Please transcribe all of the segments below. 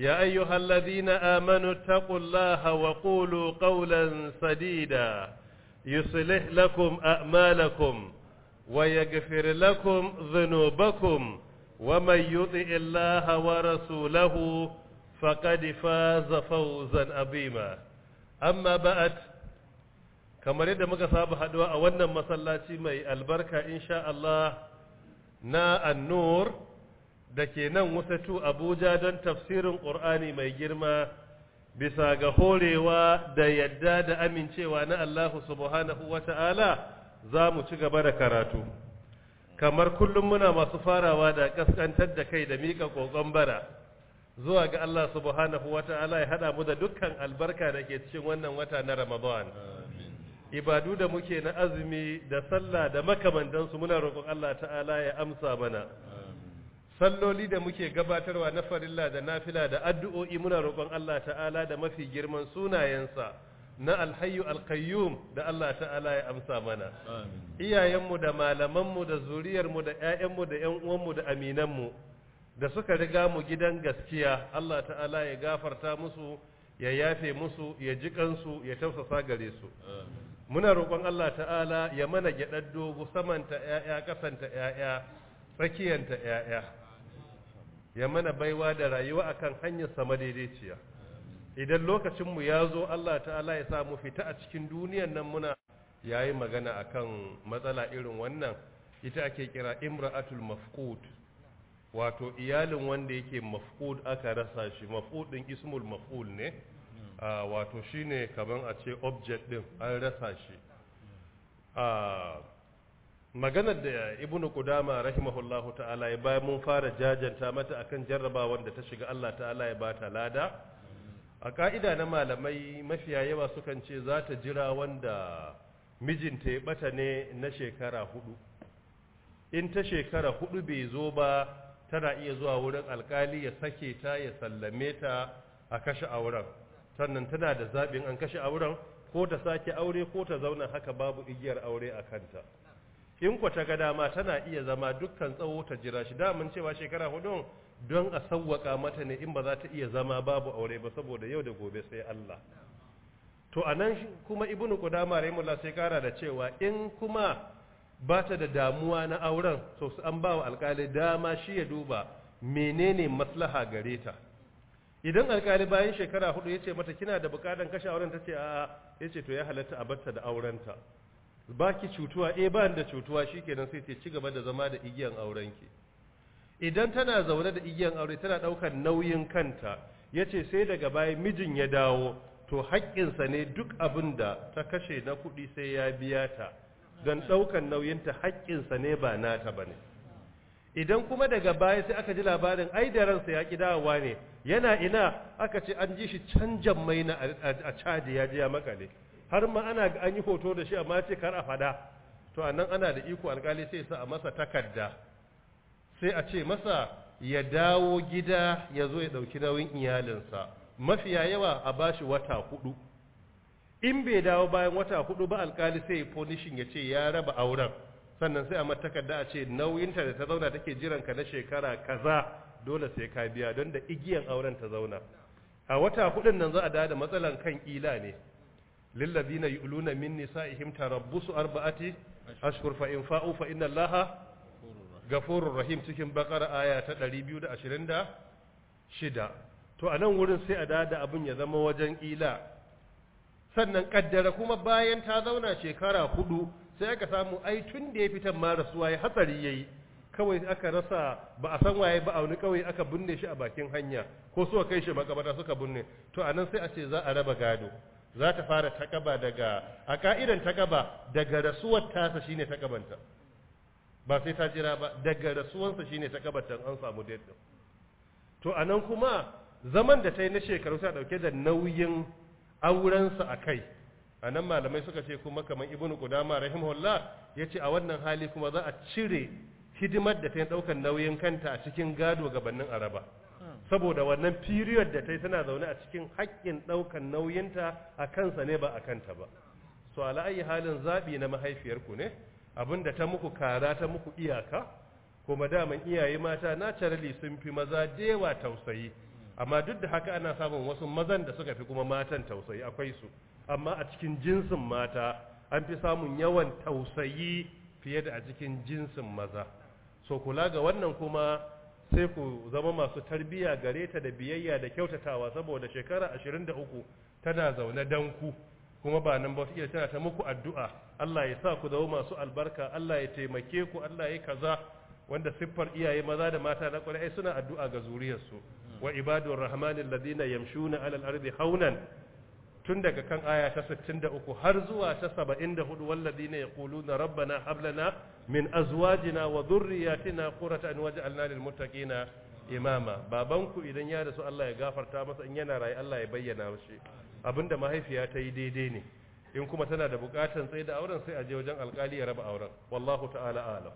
يا أيها الذين آمنوا اتقوا الله وقولوا قولا سديدا يصلح لكم أعمالكم ويغفر لكم ذنوبكم ومن يطع الله ورسوله فقد فاز فوزا عظيما أما بعد kamar yadda muka saba haduwa a wannan masallaci mai albarka insha Allah na annur da ke nan tu abuja don tafsirin ƙur'ani mai girma bisa ga horewa da yadda da amincewa na allahu subhanahu wa ta'ala za mu ci gaba da karatu kamar kullum muna masu farawa da kaskantar da kai da miƙa ƙoƙon bara zuwa ga allah subhanahu wa ta'ala ya haɗa mu da dukkan albarka da ke cikin wannan wata na ramadan ibadu da muke na azumi da sallah da makamantansu muna roƙon allah ta'ala ya amsa mana salloli da muke gabatarwa na farilla da nafila da addu'o'i muna roƙon Allah ta'ala da mafi girman sunayensa na alhayyu alkayyum da Allah ta'ala ya amsa mana iyayenmu da malamanmu da zuriyarmu da 'ya'yanmu da 'yan uwanmu da aminanmu da suka riga mu gidan gaskiya Allah ta'ala ya gafarta musu ya yafe musu ya ji kansu ya tausasa gare su muna roƙon Allah ta'ala ya mana gyaɗar dogo samanta 'ya'ya kasanta 'ya'ya tsakiyanta 'ya'ya ya mana baiwa da rayuwa akan hanyar sama daidaiciya idan lokacinmu ya zo Allah ta'ala ya sa mu fita a cikin duniyan nan muna Ya yi magana akan matsala irin wannan ita ake kira imra'atul mafqud wato iyalin wanda yake mafkud aka rasa shi mafqud din ismul maf'ul ne wato shine kaman a ce object din an rasa shi maganar da ibnu qudama rahimahullahu ta'ala ya bayan mun fara jajanta mata akan jarrabawar da ta shiga Allah ta'ala ya bata lada a ka'ida na malamai mafiya yawa sukan ce za ta jira wanda mijinta ya bata ne na shekara hudu in ta shekara hudu bai zo ba tana iya zuwa wurin alkali ya sake ta ya sallame ta a kashe auren sannan tana da zaɓin an kashe auren ko ta sake aure ko ta zauna haka babu igiyar aure a kanta in ku ta ga dama tana iya zama dukkan tsawo ta jira shi damun cewa shekara hudun don a sawwaka mata ne in ba za ta iya zama babu aure ba saboda yau da gobe sai Allah to anan kuma ibnu kudama rahimullah sai kara da cewa in kuma ba ta da damuwa na auren so an ba wa alkali dama shi ya duba menene maslaha gare ta idan alkali bayan shekara hudu ya ce mata kina da bukatan kashe auren ta ce a'a ya ce to ya halatta a batta da aurenta ba ki cutuwa eh ba da cutuwa shi shikenan sai ta ci gaba da zama da igiyan aurenki idan tana zaune da igiyan aure tana daukar nauyin kanta yace sai daga baya mijin ya dawo to haƙƙinsa ne duk abin da ta kashe na kuɗi sai ya biya ta don ɗaukan nauyinta haƙƙinsa ne ba nata ba ne idan kuma daga baya sai aka ji labarin ai da ransa ya ƙi dawowa ne yana ina aka ce an ji shi canjan mai na a caji ya ji ya makale har ma ana ga an yi hoto da shi amma ce kar a fada to a nan ana da iko alkali sai sa a masa takarda sai a ce masa ya dawo gida ya zo ya ɗauki nauyin iyalinsa mafiya yawa a bashi wata hudu in bai dawo bayan wata hudu ba alkali sai ponishin ya ce ya raba auren sannan sai a mata takarda a ce nauyinta da ta zauna take jiran ka na shekara kaza dole sai ka biya don da igiyan auren ta zauna a wata hudun nan za a dawo da matsalan kan ila ne lillazina yu'luna min nisa'ihim tarabbusu arba'ati ashhur fa in fa'u fa inna allaha rahim cikin bakara aya ta 226 to a nan wurin sai a dada abin ya zama wajen ila sannan kaddara kuma bayan ta zauna shekara hudu sai aka samu ai tun da ya fitan ma rasuwa ya hatsari yayi kawai aka rasa ba a san waye ba a wani kawai aka binne shi a bakin hanya ko suka kai shi makabarta suka binne to anan sai a ce za a raba gado za ta fara takaba daga a ka'idan takaba daga rasuwar tasa shine takabanta ba sai ta jira ba daga shi shine takabanta an samu daidai to to nan kuma zaman da ta yi na shekaru ta dauke da nauyin aurensa a kai a nan malamai suka ce kuma kamar ibnu qudama rahimahullah ce a wannan hali kuma za a cire hidimar da ta yi daukan nauyin kanta a cikin gado gabanin araba saboda wannan period da ta yi suna zaune a cikin haƙƙin ɗaukan nauyinta a kansa ne ba a kanta ba so ala'ayi halin zaɓi na mahaifiyarku ne abinda ta muku kara ta muku iyaka kuma daman iyaye mata naturally sun fi maza dewa tausayi amma duk da haka ana samun wasu mazan da suka fi kuma matan tausayi akwai su amma a cikin jinsin mata an fi samun yawan tausayi fiye da a cikin jinsin maza so kula ga wannan kuma sai ku zama masu tarbiya gare ta da biyayya da kyautatawa saboda shekara 23 tana zaune dan ku kuma ba nan ba iya tana ta muku addu'a Allah ya sa ku zama masu albarka Allah ya taimake ku Allah ya kaza wanda siffar iyaye maza da mata na kwarai suna addu'a ga zuriyarsu wa ibadur rahmanin ladina yamshuna alal ardi haunan tun daga kan aya ta 63 har zuwa ta 74 walladina rabba na hab na min azwajina wa zurriyatina qurrata an waj'alna lil muttaqina imama babanku idan ya rasu Allah ya gafarta masa in yana rayu Allah ya bayyana shi abinda mahaifiya ta yi daidai ne in kuma tana da bukatan tsaye da auren sai a je wajen alkali ya raba auren wallahu ta'ala alam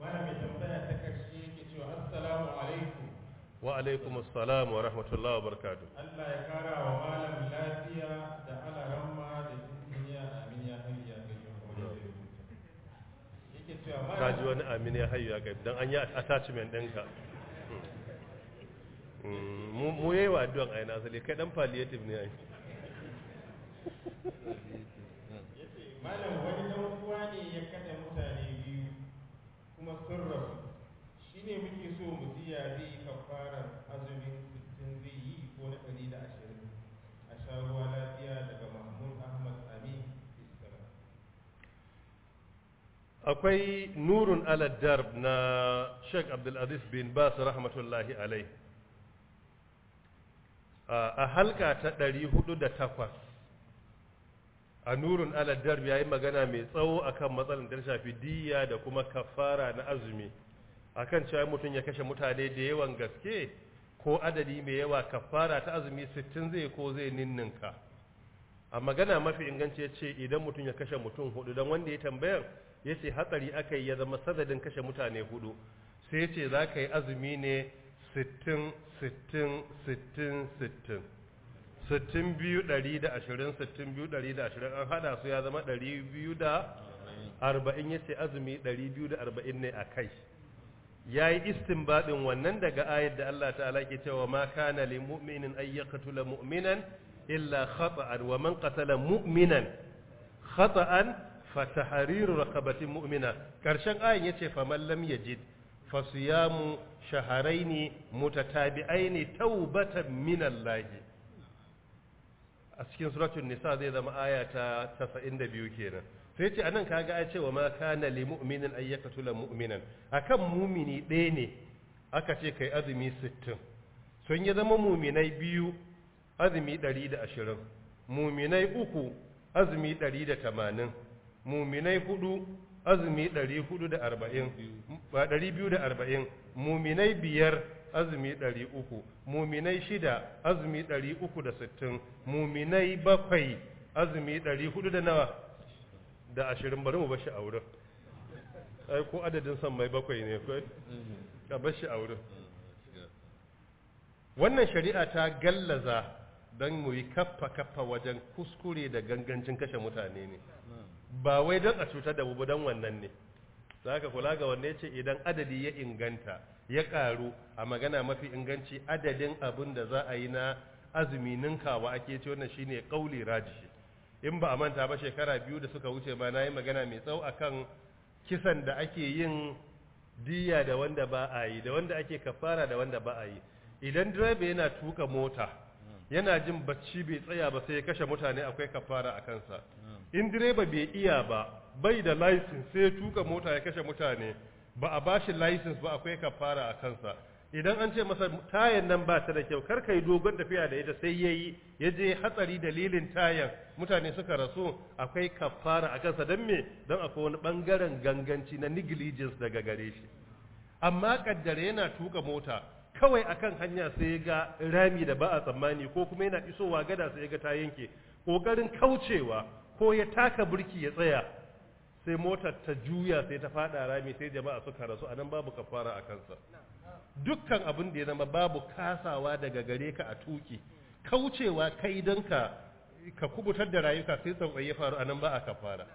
malami tambaya ta karshe yake cewa assalamu alaikum wa alaikum assalam wa rahmatullahi wa barakatuh Allah ya kara wa malam lafiya da alaramma da duniya amin ya hayyu ya qayyum yake cewa Ka ji wani amin ya hayyu ya qayyum dan an yi attachment ɗinka hmm, mu yayi wa addu'an ai na zale kai dan palliative ne ai malam wani dan uwa ne ya kada mutane biyu kuma sun rasu shine muke so mu ji zai akwai nurun aladdar na sheik abdulaziz bin bas rahmatullahi alai a halka ta ɗari da takwas a nurun aladdar ya yi magana mai tsawo akan matsalar da shafi diya da kuma kafara na azumi akan cewa mutum ya kashe mutane da yawan gaske ko adadi mai yawa kafara ta azumi sittin zai ko zai ninninka a magana mafi inganci ya ce idan mutum ya kashe mutum hudu don wanda ya tambayar yace hatsari aka yi ya zama sadadin kashe mutane hudu sai yace za ka yi azumi ne sittin sittin sittin sittin sittin biyu dari da ashirin sittin biyu dari da ashirin an haɗa su ya zama dari biyu da arba'in ce azumi dari biyu da arba'in ne a kai ya yi baɗin wannan daga ayar da Allah ta alaƙi cewa ma kana li mu'minin ayyakatu la mu'minan illa khata'an wa man qatala mu'minan khata'an fa rakabatin mu'mina karshen ayin yace faman lam yajid fa siyamu shahrayn mutatabi'ain taubatan min Allah a cikin suratul nisa zai zama aya ta 92 kenan sai yace anan kaga ai cewa ma kana lil mu'minin ayyakatula mu'minan akan mumini ɗaya ne aka ce kai azumi 60 sun yi zama muminai biyu azumi 120 muminai uku azumi 180 muminai hudu azumi ɗari hudu muminai biyar azumi 300 muminai shida azumi 360 muminai bakwai azumi 400 da nawa da ashirin bari mu bashi a wurin ai ko adadin son mai bakwai ne kai ka bashi a wurin wannan shari'a ta gallaza don mu yi kaffa kaffa wajen kuskure da gangancin kashe mutane ne ba wai don a cutar da bubu don wannan ne za ka kula ga wanne ce idan adadi ya inganta ya karu a magana mafi inganci adadin abin da za a yi na azumi ninkawa ake ce wannan shine kauli rajishi in ba a manta ba shekara biyu da suka wuce ba na yi magana mai tsawo akan kisan da ake yin diya da wanda ba a yi da wanda ake kafara da wanda ba a yi idan direba yana tuka mota yana jin bacci bai tsaya ba sai ya kashe mutane akwai kafara a kansa in direba bai iya ba bai da license sai ya tuka mota ya kashe mutane ba a bashi license ba akwai kafara a kansa idan an ce masa tayan nan ba ta da kyau kar ka yi dogon tafiya da ita sai yayi ya je hatsari dalilin tayan mutane suka rasu akwai kafara a kansa don me don akwai wani bangaren ganganci na negligence daga gare shi amma kaddare yana tuka mota kawai akan hanya sai ya ga rami da ba a tsammani ko kuma yana isowa gada sai ya ga ta yanke kokarin kaucewa ko ya taka burki ya tsaya sai motar ta juya sai ta fada rami sai jama'a suka rasu anan babu kafara a kansa dukkan abin da ya zama babu kasawa daga gare ka a tuki kaucewa kai don ka ka kubutar da rayuka sai tsantsaye ya faru anan ba a kafara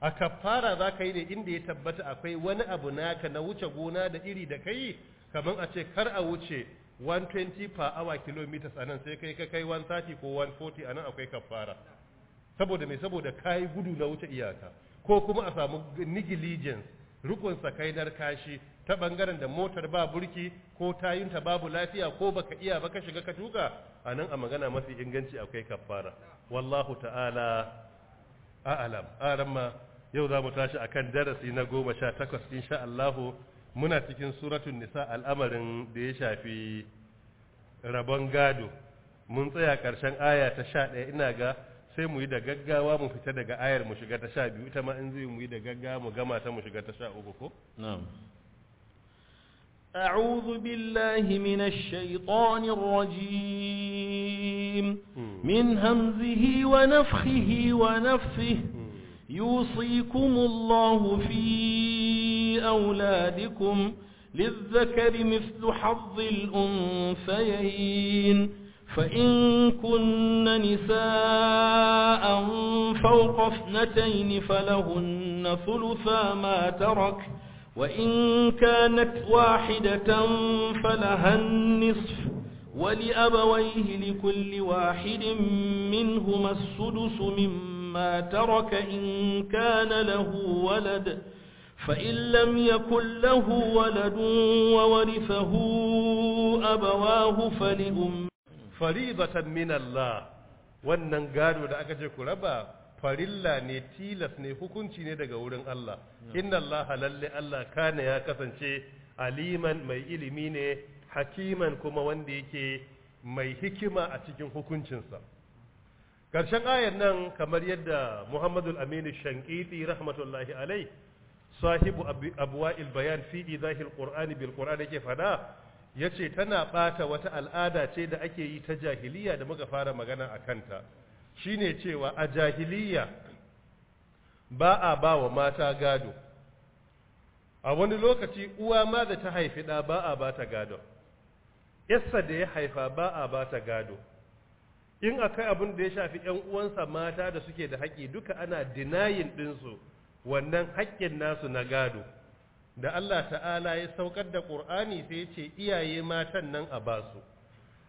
a kafara za ka yi ne inda ya tabbata akwai wani abu naka na wuce gona da iri da kai kamar a ce kar a wuce 120 per hour kilometers a nan sai kai ka kai 130 ko 140 a nan akwai kafara saboda mai saboda kayi gudu na wuce iyaka ko kuma a samu negligence rukun sakainar kashi ta bangaren da motar ba burki ko tayinta babu lafiya ko baka iya ba ka shiga ka tuka a nan a magana mafi inganci akwai kafara wallahu ta'ala a'alam aramma yau za mu tashi akan darasi na goma sha takwas insha Allahu muna cikin suratun nisa al'amarin da ya shafi rabon gado mun tsaya ƙarshen aya ta sha ɗaya ina ga sai mu yi da gaggawa mu fita daga ayar mu shiga ta sha biyu ita ma in zai mu yi da gaggawa mu gama ta mu shiga ta sha uku ko? أعوذ بالله من الشيطان الرجيم من همزه ونفخه ونفثه يوصيكم الله فيه أولادكم للذكر مثل حظ الأنثيين فإن كن نساء فوق اثنتين فلهن ثلثا ما ترك وإن كانت واحدة فلها النصف ولأبويه لكل واحد منهما السدس مما ترك إن كان له ولد ولد فإن لم يكن له ولد وورثه أبواه فلأم فريضة من الله wannan gado da aka ce ku raba farilla ne tilas ne hukunci ne daga wurin Allah inna Allah lalle Allah kana ya kasance aliman mai ilimi ne hakiman kuma wanda yake mai hikima a cikin hukuncinsa Karshen ayar nan kamar yadda Muhammadul Aminu Shankiti rahmatullahi alai sahibu abwa'il bayan fi idahil qur'ani bil ke yake fada yace tana bata wata al'ada ce da ake yi ta jahiliya da muka fara magana akan ta shine cewa a jahiliya ba a ba wa mata gado a wani lokaci uwa ma da ta haifi da ba a ba ta gado yassa da ya haifa ba a ba ta gado in akai abin da ya shafi ƴan uwansa mata da suke da haƙi duka ana dinayin ɗinsu wannan haƙƙin nasu na gado da Allah ta'ala ya saukar da ƙur'ani sai ya ce iyaye matan nan a basu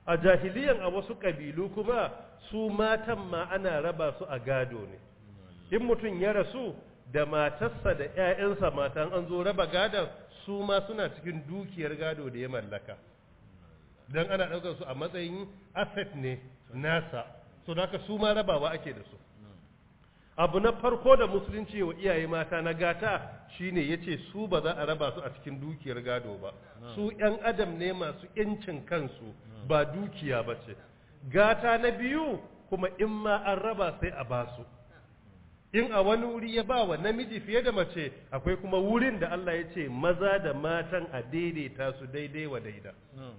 a jahiliyan a wasu ƙabilu kuma su matan ma ana raba su a gado ne in mutum ya rasu da matarsa da 'ya'yansa matan an zo raba gadon su ma suna cikin dukiyar gado da ya mallaka don ana ɗaukar su a matsayin asset ne nasa so da su ma rabawa ake da su abu na farko da musulunci wa iyaye mata na gata shine yace su ba za a raba su a cikin dukiyar gado ba su yan adam ne masu yancin kansu ba dukiya ba ce gata na biyu kuma in ma an raba sai a basu in a wani wuri ya ba wa namiji fiye da mace akwai kuma wurin da Allah ya ce maza da matan a daidaita su daidai wa daida hmm.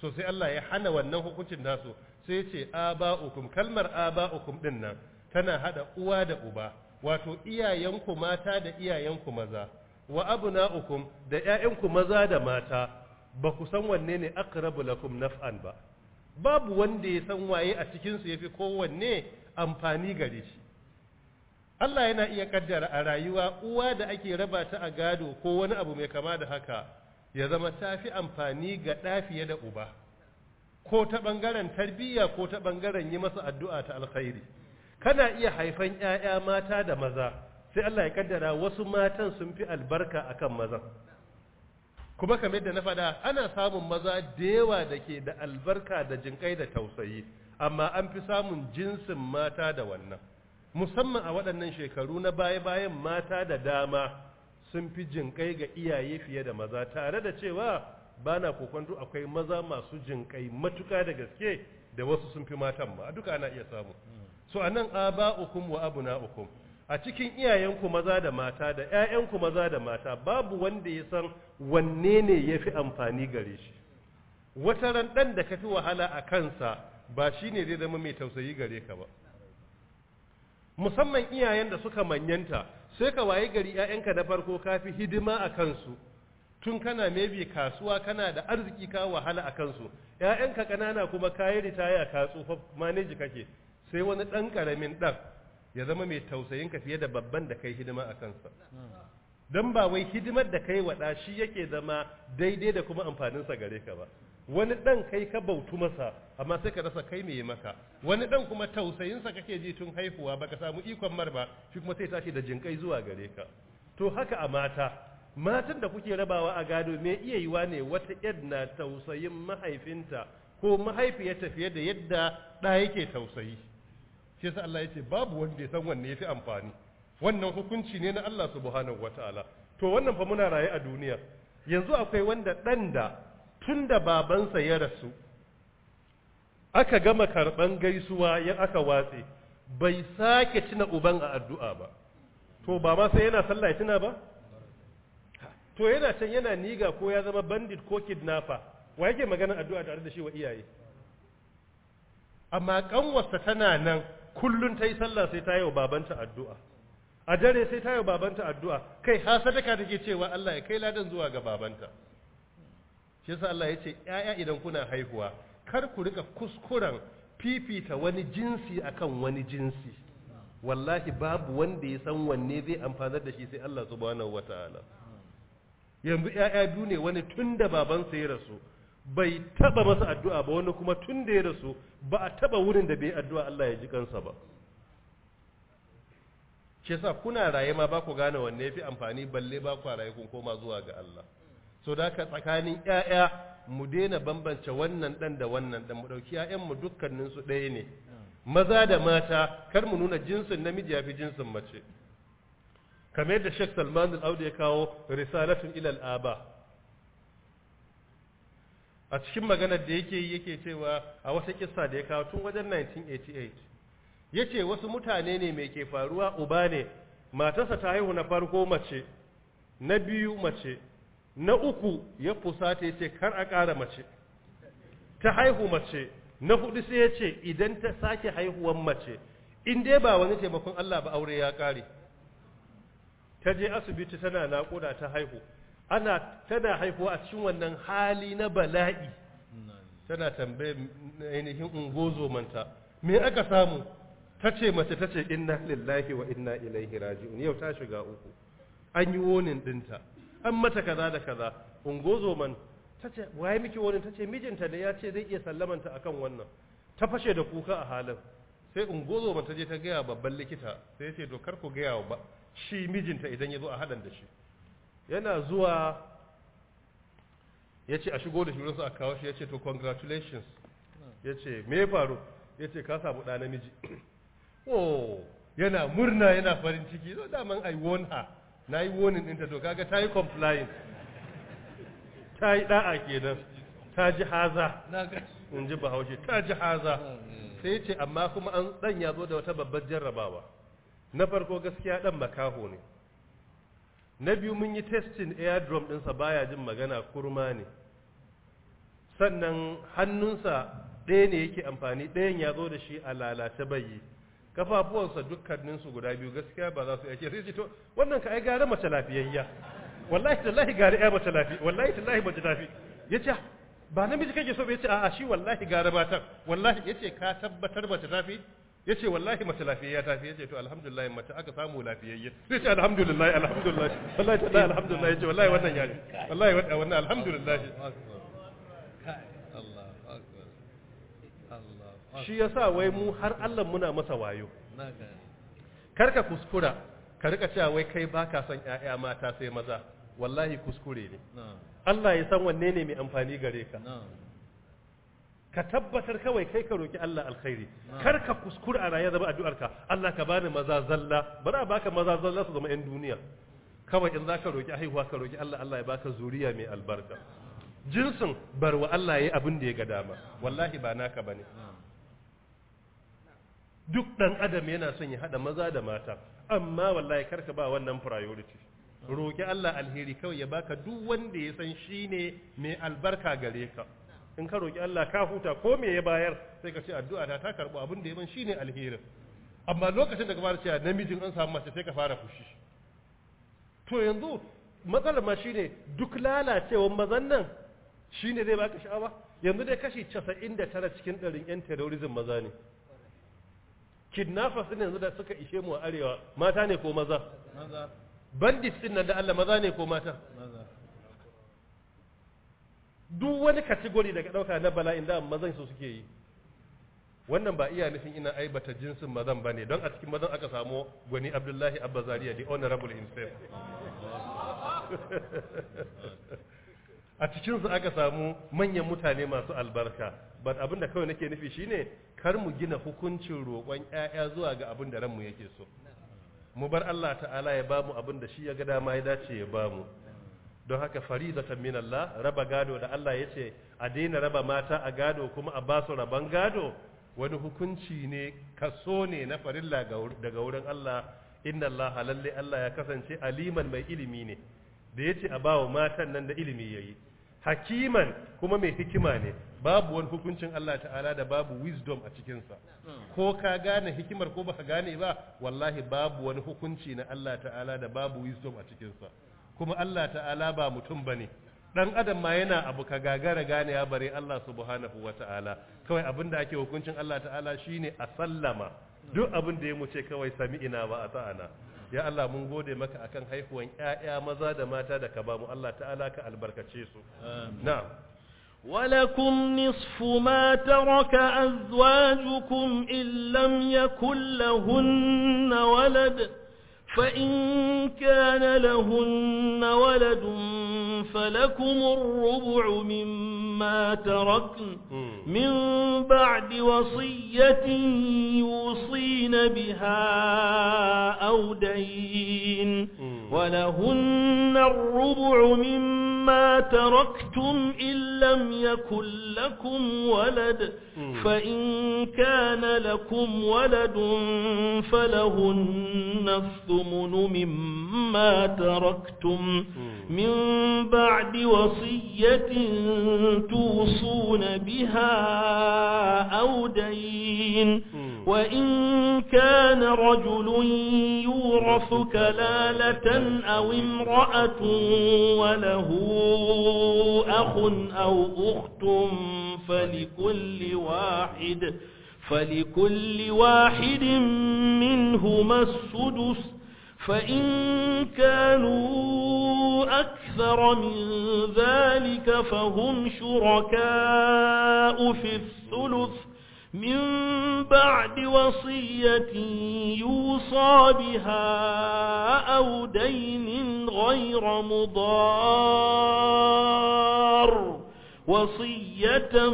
so sai Allah ya hana wannan hukuncin nasu sai ce aba'ukum kalmar aba'ukum din nan tana hada uwa da uba wato iyayenku mata da iyayenku maza wa ukum da ya'yanku maza da mata ba ku san wanne ne aqrabu lakum naf'an ba babu wanda ya san waye a cikin su yafi kowanne amfani gare shi Allah yana iya kaddara a rayuwa uwa da ake raba ta a gado ko wani abu mai kama da haka ya zama tafi amfani ga ɗa fiye da uba ko ta ɓangaren tarbiyya ko ta ɓangaren yi masa addu'a ta alkhairi kana iya haifan ‘ya'ya mata da maza sai Allah ya kaddara wasu matan sun fi albarka a kan mazan kuma kamar da na faɗa ana samun maza da yawa da ke da albarka da jinƙai da tausayi amma an fi samun jinsin mata da wannan musamman a waɗannan shekaru na baya-bayan mata da dama sun fi jinƙai ga iyaye fiye da maza tare da cewa ba na kokonto akwai maza masu jinƙai matuka da gaske da wasu sun fi matan ma duka ana iya samu so anan ukum wa ukum a cikin iyayenku maza da mata da ƴaƴanku maza da mata babu wanda ya san wanne ne yafi amfani gare shi wata ran ɗan da ka fi wahala a kansa ba shine zai zama mai tausayi gare ka ba musamman iyayen da suka manyanta sai ka waye gari ƴaƴanka na farko kafi hidima a kansu tun kana maybe kasuwa kana da arziki ka wahala a kansu ƴaƴanka ƙanana kuma kayi ritaya ka tsufa maneji kake sai wani ɗan ƙaramin ɗan ya zama mai tausayin ka fiye da babban da kai hidima a kansa don ba wai hidimar da kai waɗa shi yake zama daidai da kuma amfaninsa gare ka ba wani ɗan kai ka bautu masa amma sai ka rasa kai mai maka wani ɗan kuma tausayinsa kake ji tun haihuwa baka samu ikon mar ba shi kuma sai tashi da jinƙai zuwa gare ka to haka a mata matan da kuke rabawa a gado me iya yiwa ne wata yad na tausayin mahaifinta ko mahaifiyarta fiye da yadda ɗa yake tausayi shi yasa Allah yace babu wanda ya san wanne yafi amfani wannan hukunci ne na Allah subhanahu wataala to wannan fa muna raye a duniya yanzu akwai wanda ɗan da tunda babansa ya rasu aka gama karɓan gaisuwa ya aka watse bai sake tuna uban a addu'a ba to ba sai yana sallah ya tuna ba to yana can yana niga ko ya zama bandit ko kidnapper wa yake magana addu'a tare da shi wa iyaye amma kanwarsa tana nan kullun ta yi sallah sai ta yi wa babanta addu'a a dare sai ta yi wa babanta addu'a kai ha sadaka take cewa Allah ya kai ladan zuwa ga babanta shi yasa Allah ya ce ‘ya'ya idan kuna haihuwa kar ku rika kuskuren fifita wani jinsi akan wani jinsi wallahi babu wanda ya san wanne zai amfanar da shi sai Allah subhanahu wata'ala yanzu ‘ya'ya biyu ne wani tun da babansa ya rasu bai taba masa addu'a ba wani kuma tun da ya rasu ba a taba wurin da bai addu'a Allah ya ji kansa ba Ke sa kuna raye ma ba ku gane wanne ya fi amfani balle ba ku raye kun koma zuwa ga Allah so da ka tsakanin yaya mu daina bambance wannan dan da wannan dan mu dauki ƴaƴan mu dukkanin su ɗaya ne maza da mata kar mu nuna jinsin namiji ya fi jinsin mace kamar yadda shek Salman al ya kawo risalatun ilal aba a cikin maganar da yake yake cewa a wata kisa da ya kawo tun wajen 1988 yace wasu mutane ne mai ke faruwa uba ne matarsa ta haihu na farko mace na biyu mace na uku ya fusata yace kar a kara mace ta haihu mace na hudu sai yace idan ta sake haihuwan mace in dai ba wani taimakon Allah ba aure ya ƙare ta je asibiti tana nakuda ta haihu ana tana haihuwa a cikin wannan hali na bala'i tana tambaye ainihin ungozo manta me aka samu ta ce mace ta ce inna lillahi wa inna ilaihi raji'un yau ta shiga uku an yi wonin dinta an mata kaza da kaza ungozo man ta ce waye miki wonin ta ce mijinta ne ya ce zai iya sallamanta akan wannan ta fashe da kuka a halin sai ungozo ba ta je ta gaya babban likita sai ya ce to kar ku gaya wa shi mijinta idan ya zo a hadan da shi yana zuwa ya ce a shigo da su a kawo shi ya ce to congratulations ya ce me faru ya ce ka samu ɗa namiji oh yana murna yana farin ciki zo daman i won her na yi wonin ɗinta to kaga ta yi complying ta yi ɗa'a kenan ta ji haza in ji bahaushe ta ji haza sai ce amma kuma an dan ya zo da wata babbar jarrabawa na farko gaskiya dan makaho ne na biyu mun yi testin airdrum dinsa baya jin magana kurma ne sannan hannunsa ɗaya ne yake amfani ɗayan ya zo da shi a lalace bayi kafafuwansa dukkaninsu guda biyu gaskiya ba za su yake sai ce to wannan ka ai gare mace lafiyayya wallahi tallahi gare ya mace lafi wallahi tallahi mace lafi ya ce ba namiji kake so ba yace a'a shi wallahi gara batar wallahi yace ka tabbatar ba ta tafi yace wallahi mace ya tafi yace to alhamdulillah mace aka samu lafiyayya yace alhamdulillah alhamdulillah wallahi ta alhamdulillah yace wallahi wannan yaji wallahi wannan alhamdulillah shi ya sa wai mu har Allah muna masa wayo karka kuskura ka rika cewa wai kai baka son ƴaƴa mata sai maza wallahi kuskure ne Allah ya san wanne ne mai amfani gare ka ka tabbatar kawai kai ka roki Allah alkhairi kar ka kuskura a rayuwa zama addu'arka Allah ka bani maza zalla ba za baka maza zalla su zama yan duniya kawai in zaka roki haihuwa ka roki Allah Allah ya baka zuriya mai albarka jinsin barwa Allah ya yi abin da ya ga dama wallahi ba naka bane duk ɗan adam yana son ya haɗa maza da mata amma wallahi ka ba wannan priority roki Allah alheri kawai ya baka duk wanda ya san shine mai albarka gare ka in ka roki Allah ka huta ko me ya bayar sai ka ce addu'a ta ta abin da ya ban shine alherin amma lokacin da ka fara cewa namijin an samu mace sai ka fara fushi to yanzu matsalar ma shine duk lalacewar mazan nan shine zai baka sha'awa yanzu dai kashi casa'in da tara cikin ɗarin yan terrorism maza ne kidnappers ne yanzu da suka ishe mu a arewa mata ne ko maza bandit din nan da Allah maza ne ko mata duk wani kategori daga dauka na bala'in da mazan su suke yi wannan ba iya nufin ina aibata jinsin mazan ba ne don a cikin mazan aka samu gwani abdullahi abba Zariya the honorable himself a cikinsu aka samu manyan mutane masu albarka but abinda kawai nake nufi shine kar mu gina hukuncin roƙon 'ya'ya zuwa ga abin da ranmu yake so mu bar Allah ta'ala ya bamu abin da shi ya ga dama ya dace ya bamu don haka faridatan min Allah raba gado da Allah ya ce a daina raba mata a gado kuma a basu raban gado wani hukunci ne kaso ne na farilla daga wurin Allah inna Allah lalle Allah ya kasance aliman mai ilimi ne da yace a bawa matan nan da ilimi yayi hakiman kuma mai hikima ne babu wani hukuncin Allah ta'ala da babu wisdom a cikinsa ko ka gane hikimar ko baka gane ba wallahi babu wani hukunci na Allah ta'ala da babu wisdom a cikinsa kuma Allah ta'ala ba mutum bane dan adam ma yana abu ka gagara gane ya bare Allah subhanahu wata'ala kawai abinda ake hukuncin Allah ta'ala shine a sallama duk abin da ya mu ce kawai sami'ina a ata'ana ya Allah mun gode maka akan haihuwan ƴaƴa maza da mata da ka bamu Allah ta'ala ka albarkace su na'am ولكم نصف ما ترك أزواجكم إن لم يكن لهن ولد فإن كان لهن ولد فلكم الربع مما تركن من بعد وصية يوصين بها أو دين ولهن الربع مما تركتم إن لم يكن لكم ولد فإن كان لكم ولد فلهن الثمن مما تركتم من بعد وصية توصون بها أو دين وإن كان رجل يورث كلالة رجلا أو امرأة وله أخ أو أخت فلكل واحد فلكل واحد منهما السدس فإن كانوا أكثر من ذلك فهم شركاء في الثلث من بعد وصية يوصى بها أو دين غير مضار وصية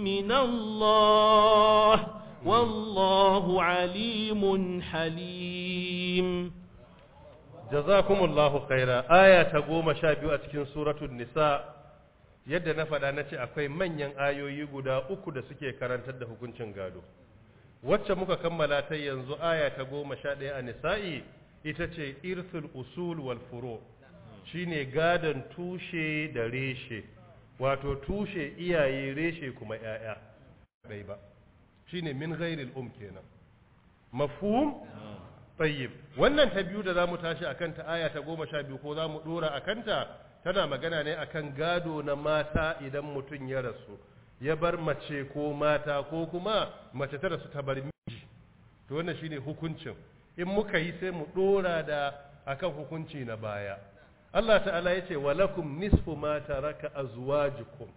من الله والله عليم حليم جزاكم الله خيرا آية تقوم شابي أتكين سورة النساء yadda na faɗa na ce akwai manyan ayoyi guda uku da suke karantar da hukuncin gado wacce muka kammala ta yanzu aya ta goma sha ɗaya a nisa'i ita ce irthul usul wal furo ne gadon tushe da reshe wato tushe iyaye reshe kuma 'ya'ya ɗai ba shine min ghairil um kenan mafhum tayyib wannan ta biyu da za mu tashi a kanta aya ta goma sha biyu ko za mu ɗora a kanta tana magana ne akan gado na mata idan mutum ya rasu ya bar mace ko mata ko kuma mace ta rasu ta bar miji to wannan shine hukuncin in muka yi sai mu dora da akan hukunci na baya Allah ta'ala yace walakum nisfu ma taraka azwajukum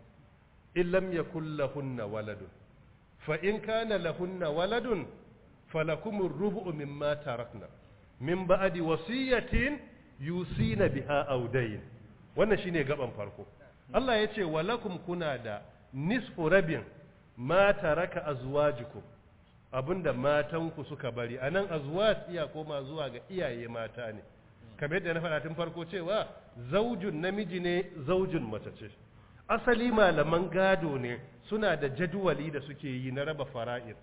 in lam yakul lahunna waladun fa in kana lahunna waladun falakum ar-rubu'u mimma tarakna min ba'di wasiyatin yusina biha awdayn wannan shine gaban farko Allah yace walakum kuna da nisfu rabin ma taraka azwajukum abinda matanku suka bari anan azwaj iya koma zuwa ga iyaye mata ne kamar yadda na faɗa tun farko cewa zaujun namiji ne zaujun mace ce asali malaman gado ne suna da jadwali da suke yi na raba fara'ir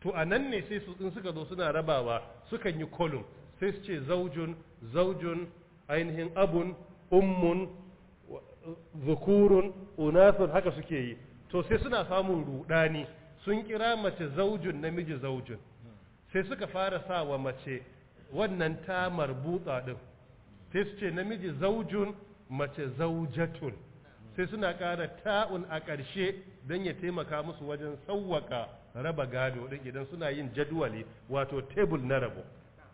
to anan ne sai su in suka zo suna rabawa sukan yi kolum sai su ce zaujun zaujun ainihin abun ummun zukurun unasun haka suke yi to sai suna samun rudani sun kira mace zaujun namiji zaujun sai suka fara sa wa mace wannan ta marbuta din sai su ce namiji zaujun mace zaujatun sai suna ƙara ta'un a ƙarshe don ya taimaka musu wajen sauwaka raba gado din idan suna yin jadwali wato tebul na rabo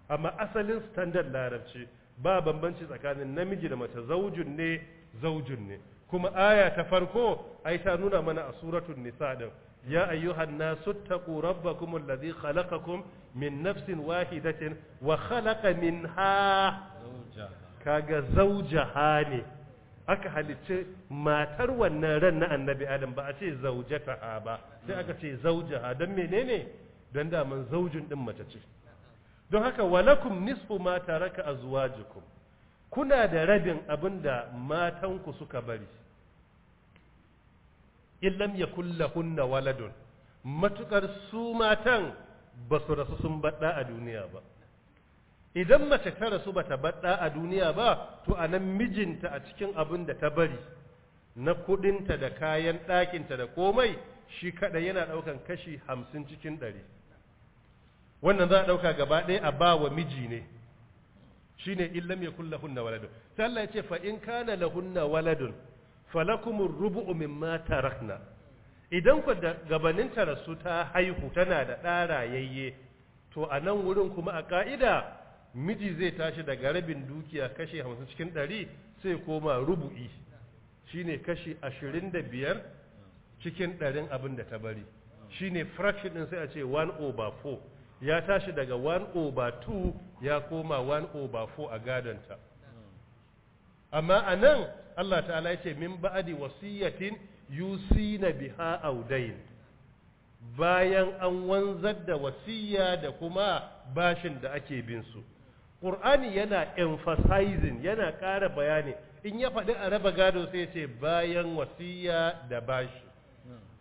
amma asalin standard larabci ba bambanci tsakanin namiji da mace zaujun ne Zaujin ne kuma aya ta farko ai ta nuna mana a suratul nisa din ya ayyuhan nasu taqu rabbakum alladhi khalaqakum min nafsin wahidatin wa khalaqa minha kaga zaujaha ne aka halicci matar wannan ran na annabi adam ba a ce zaujataha ba sai aka ce zaujaha don menene don daman zaujin din mace ce don haka walakum nisfu ma taraka azwajukum kuna da rabin abin da matanku suka bari illam ya kullahunna waladun matukar su matan ba su rasu sun baɗa a duniya ba idan mace ta rasu ba ta baɗa a duniya ba to a nan mijinta a cikin abin da ta bari na kudinta da kayan ɗakinta da komai shi kaɗa yana ɗaukan kashi hamsin cikin ɗari wannan za a ɗauka gaba ɗaya a bawa miji ne shine illam yakul hunna waladun sallah ya ce fa in kana hunna waladun falakumur rubu'u mata tarakna idan ku da gabanin tarasu ta haihu tana da ɗara yayye to a nan wurin kuma a ƙa'ida miji zai tashi daga rabin dukiya kashe 50 cikin 100 sai koma rubu'i ne kashi biyar cikin 100 abin da ta bari shi ne fraction din sai a ce 1 over 4 ya tashi daga 1 over 2 ya koma 104 over a gadonta amma a nan Allah ta'ala ya ce min ba'adi wasiyatin yusina biha audain bayan an wanzar da wasiya da kuma bashin da ake bin su Qur'ani yana emphasizing yana ƙara bayani in ya faɗi a raba gado sai yace ce bayan wasiya da bashi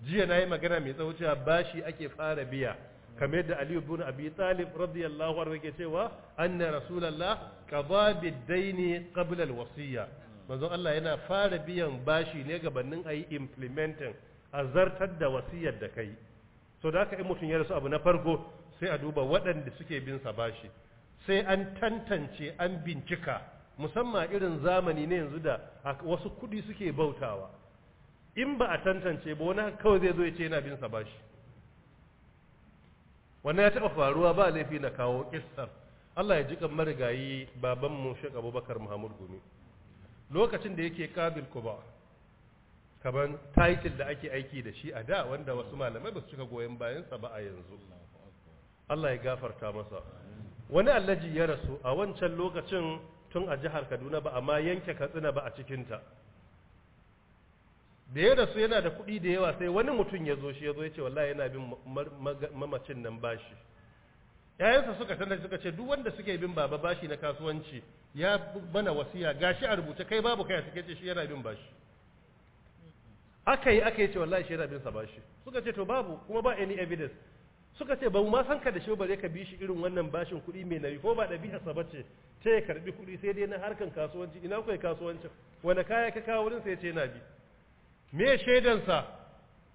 jiya na yi magana mai tsawo cewa bashi ake fara biya kamar yadda Ali ibn Abi Talib radiyallahu anhu yake cewa anna rasulullah qada bid daini qabla al-wasiyya manzo Allah yana fara biyan bashi ne gabanin ayi implementing azartar da wasiyar da kai so da aka in mutum ya rasu abu na farko sai a duba waɗanda suke bin sa bashi sai an tantance an bincika musamman irin zamani ne yanzu da wasu kuɗi suke bautawa in ba a tantance ba wani kawai zai zo ya ce yana bin sa bashi wannan ya taɓa faruwa ba laifi na kawo kissar Allah ya ji kan marigayi baban mu Sheikh Abubakar Muhammad Gumi lokacin da yake Kabil Kuba kaban title da ake aiki da shi a da wanda wasu malamai ba su cika goyon bayan ba a yanzu Allah ya gafarta masa wani allaji ya rasu a wancan lokacin tun a jihar Kaduna ba amma yanke Katsina ba a cikinta. da ya su yana da kuɗi da yawa sai wani mutum ya zo shi ya zo ya ce wallahi yana bin mamacin nan bashi yayansa suka tana suka ce duk wanda suke bin baba bashi na kasuwanci ya bana wasiya gashi a rubuce kai babu kai suke ce shi yana bin bashi aka yi aka yi ce wallahi shi yana bin sa bashi suka ce to babu kuma ba any evidence suka ce ba mu ma san ka da shi zai ka bi shi irin wannan bashin kuɗi mai nauyi ko ba ɗabi'a sa bace ce ya karbi kuɗi sai dai na harkan kasuwanci ina kai kasuwancin wani kaya ka kawo wurin sai ya ce na bi me shaidansa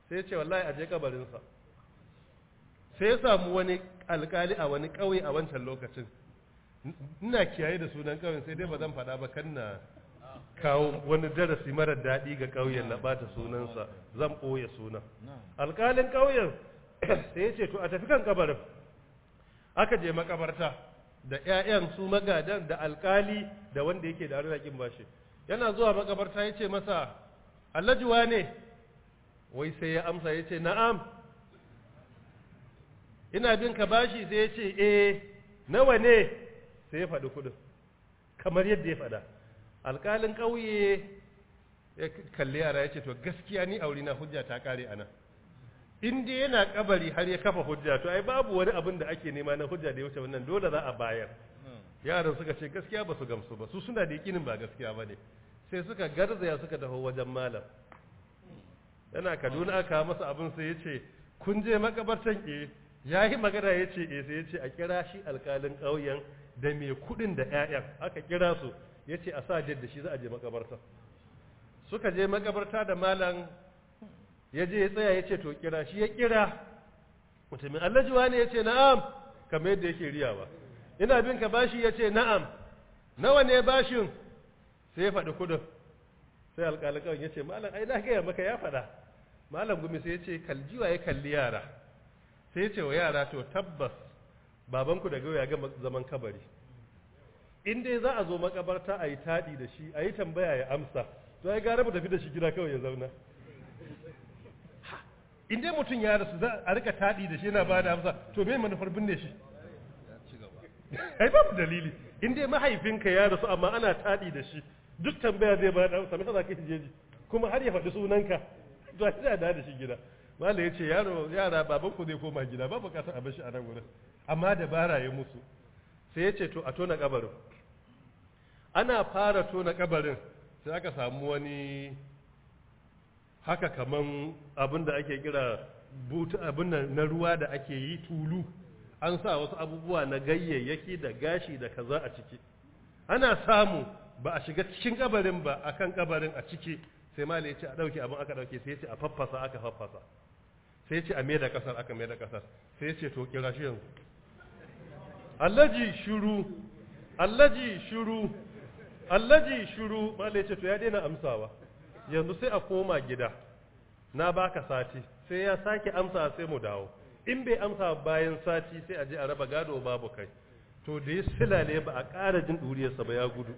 sai ce wallahi aje kabarinsa sai ya samu wani alkali a wani ƙauye a wancan lokacin ina kiyaye da sunan ƙauyen sai dai ba zan faɗa ba kanna na kawo wani darasi mara daɗi ga ƙauyen na bata sunansa zan ɓoye sunan alkalin ƙauyen sai ya ce to a tafi kan kabarin aka je makabarta da 'ya'yan su magadan da alkali da wanda yake da arzikin bashi yana zuwa makabarta ya ce masa allajuwa ne wai sai ya amsa ya ce na'am ina bin ka bashi sai ya ce eh nawa ne sai ya faɗi kudin, kamar yadda ya faɗa alƙalin ƙauye ya kalli yara ya ce to gaskiya ni aure na hujja ta ƙare a nan in yana ƙabari har ya kafa hujja to ai babu wani abin da ake nema na hujja da ya wuce wannan dole za a bayar hmm. yaran suka ce gaskiya ba su gamsu ba su suna da yakinin ba gaskiya ba ne sai suka garzaya suka taho wajen malam yana kaduna aka masa abin sai ya ce kun je makabartan ke eh, ya yi magana ya ce eh, sai ya ce a kira shi alkalin ƙauyen da mai kuɗin da ƴaƴan aka kira su ya ce a sa da shi za a je makabarta suka je makabarta da malam ya je ya tsaya ya ce to kira shi ya kira mutumin allajiwa ne ya ce na'am kamar yadda yake riyawa ina bin ka bashi ya ce na'am nawa ne bashin sai ya faɗi kudin sai alƙalin ya ce malam ai na gaya maka ya faɗa malam gumi sai ya ce kaljiwa ya kalli yara sai ya ce wa yara to tabbas babanku daga ya gama zaman kabari in dai za a zo makabarta a yi taɗi da shi a yi tambaya ya amsa to ai gara mu tafi da shi gida kawai ya zauna in dai mutum ya rasu za a rika taɗi da shi yana ba da amsa to me manufar binne shi ai babu dalili in dai mahaifinka ya rasu amma ana taɗi da shi duk tambaya zai bayar da sami za ka yi jeji kuma har ya faɗi sunanka to a da da shi gida malam ya yaro yara baban ku zai koma gida ba bukatar a bashi a nan wurin amma da bara ya musu sai ya ce to a tona kabarin ana fara tona kabarin sai aka samu wani haka kaman abin da ake kira butu abin na ruwa da ake yi tulu an sa wasu abubuwa na gayyayyaki da gashi da kaza a ciki ana samu ba a shiga cikin kabarin ba a kan kabarin a ciki sai mali ya ce a dauke abin aka dauke sai ya ce a faffasa aka faffasa sai ya ce a maida kasar aka maida kasar sai ya ce to kira shi yanzu allaji shuru allaji shuru allaji shuru mali ya ce to ya daina amsawa yanzu sai a koma gida na baka sati sai ya sake amsa sai mu dawo in bai amsa bayan sati sai a je a raba gado babu kai to da ya silale ba a ƙara jin ɗuriyarsa ba ya gudu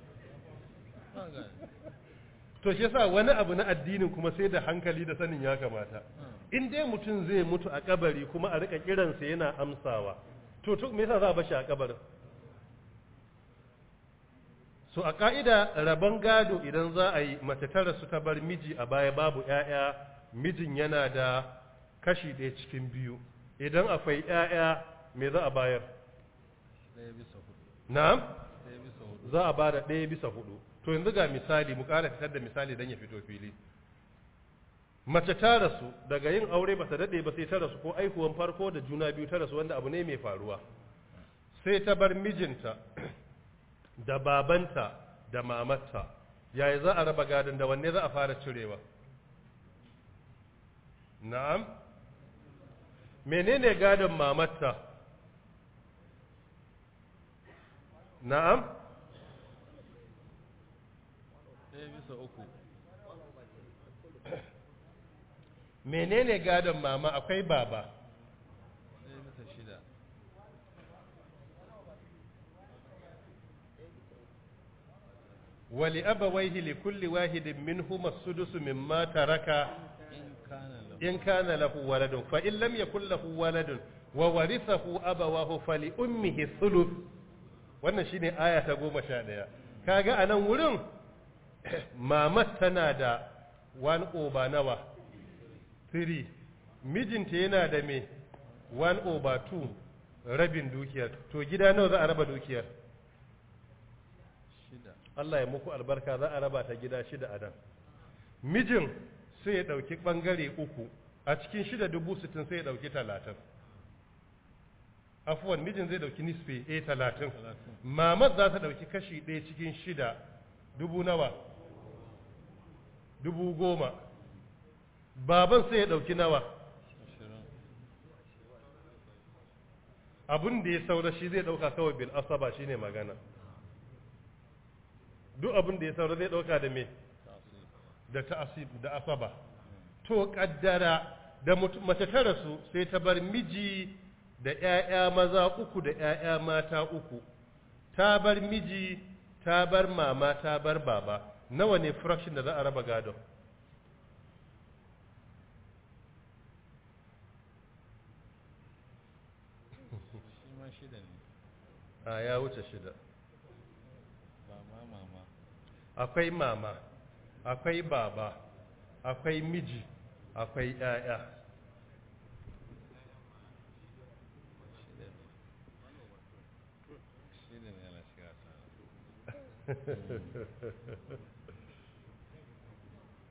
to shi yasa wani abu na addinin kuma sai da hankali da sanin ya kamata in dai mutum zai mutu a kabari kuma a rika kiransa yana amsawa to to me yasa za a bashi a kabarin so a ka'ida rabon gado idan za a yi mace ta rasu ta bar miji a baya babu ƴaƴa mijin yana da kashi ɗaya cikin biyu idan akwai ƴaƴa me za a bayar na'am za a bada ɗaya bisa hudu to yanzu ga misali mu ƙara fitar da misali don ya fito fili mace ta rasu daga yin aure ba ta daɗe ba sai ta rasu ko aihuwan farko da juna biyu ta rasu wanda abu ne mai faruwa sai ta bar mijinta da babanta da mamatta yaya za a raba gadon da wanne za a fara cirewa na'am menene gadon mamatta na'am menene gadon mama akwai baba ɗaya bisa shida wali abawaihi li kulli wahidin minhuma sudusu mimma taraka in kana lahu waladun fa in lam yakul lahu waladun wa warithahu abawahu fali ummihi thuluth wannan shine aya ta 11 kaga anan wurin mamat tana da one over nawa 3 mijinta yana da me one over two rabin dukiyar to gida nawa za a raba dukiyar Allah ya muku albarka za a raba ta gida shida a nan mijin sai ya ɗauki ɓangare uku a cikin shida dubu sittin sai ya ɗauki talatin afuwan mijin zai ɗauki nisfe eh, a talatin mamat za ta ɗauki kashi ɗaya cikin shida dubu nawa dubu goma baban sai ya ɗauki nawa abin da ya saura shi zai ɗauka kawai bil asaba shi ne magana duk abin da ya saura zai ɗauka da me da ta'asib da asaba to kaddara da mace ta rasu sai ta bar miji da ƴaƴa maza uku da ƴaƴa mata uku ta bar miji ta bar mama ta bar baba nawa ne fraction da za a raba gado? a ah, ya wuce shida akwai mama akwai baba akwai miji akwai yaya ha, ha.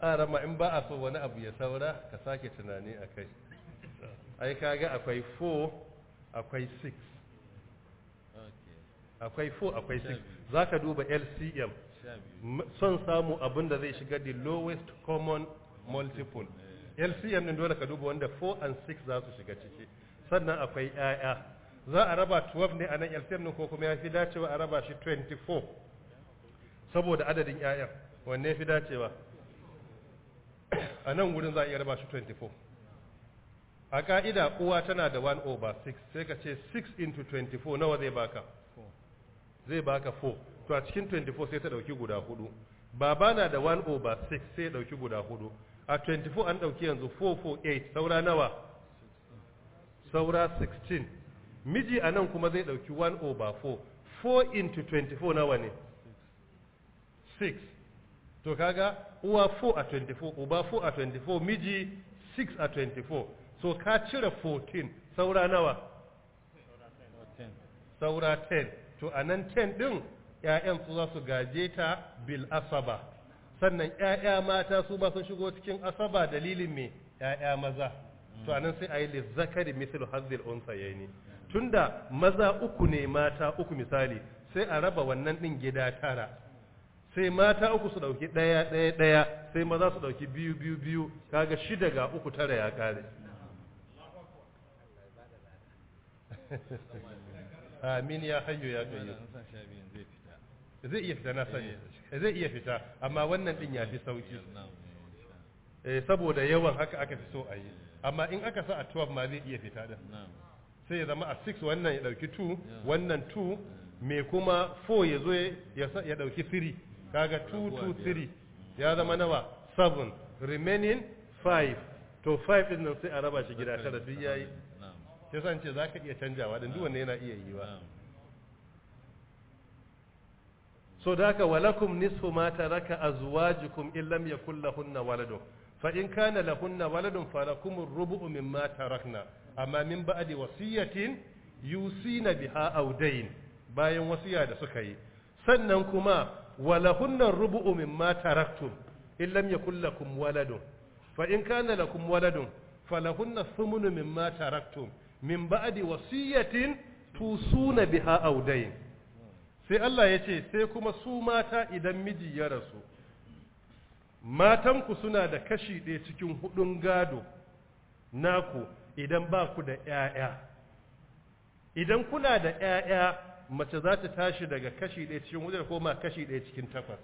arama in ba a so wani abu ya saura ka sake tunani a kai ai kaga akwai 4 akwai 6 akwai 4 akwai 6 za ka duba lcm son samu abin da zai shiga the lowest common multiple lcm din dole ka duba wanda 4 and 6 za su shiga ciki sannan akwai 'ya'ya za a raba 12 ne a nan lcm ko kuma ya fi dacewa a raba shi 24 saboda adadin yaya wanne fi dacewa a nan wurin za a iya raba shi 24 a ka'ida uwa tana da 1 over 6 sai ka ce 6 into 24 nawa zai baka zai baka 4 to a cikin 24 sai ta dauki guda 4 baba na da 1 over 6 sai dauki guda 4 a 24 an dauki yanzu 4 448 saura nawa saura 16 miji a nan kuma zai dauki 1 over 4 4 into 24 nawa ne 6 to kaga uwa 4 a 24 uba 4 a 24 miji 6 a 24 so ka cire 14 saura nawa saura 10 to a nan 10 din ‘ya'yan su za su gaje ta bil asaba sannan ‘ya'ya mata su ba sun shigo cikin asaba dalilin me ‘ya'ya maza to anan sai a yi lizzakari misal hazil unsa ya ne tunda maza uku ne mata uku misali sai a raba wannan ɗin gida tara sai mata uku su dauki daya daya daya sai maza su dauki biyu biyu biyu kaga shida ga uku tara ya kare amin ya hayyu ya kayyu zai iya fita na sani zai iya fita amma wannan din ya fi sauki eh, saboda yawan haka aka fi so a yi amma in aka sa a 12 ma zai iya fita din sai ya zama a 6 wannan ya dauki 2 wannan 2 mai kuma 4 ya zo ya dauki 3 kaga 223 ya zama nawa 7 remaining 5 to 5 din nan sai a raba shi gida tara duk yayi ke san ce zaka iya canjawa din duk wanne yana iya yi ba so da walakum nisfu ma taraka azwajukum in lam yakul lahunna waladu fa in kana lahunna waladun falakum ar-rubu'u mimma tarakna amma min ba'di wasiyatin yusina biha aw bayan wasiya da suka yi sannan kuma walahunan rubu’u mimma taraktun illam ya kullakun waladun fa’in ka na lakun waladun falahunna sumunu mimma taraktun min ba’adi wasiyatin tusu na biha audayin sai Allah ya ce sai kuma su mata idan miji ya rasu matanku suna da kashi ɗaya cikin hudun gado naku idan ba ku da ‘ya’ya’ idan kuna da ‘ya’ya’ mace za ta tashi daga kashi ɗaya cikin hudu da koma kashi ɗaya cikin takwas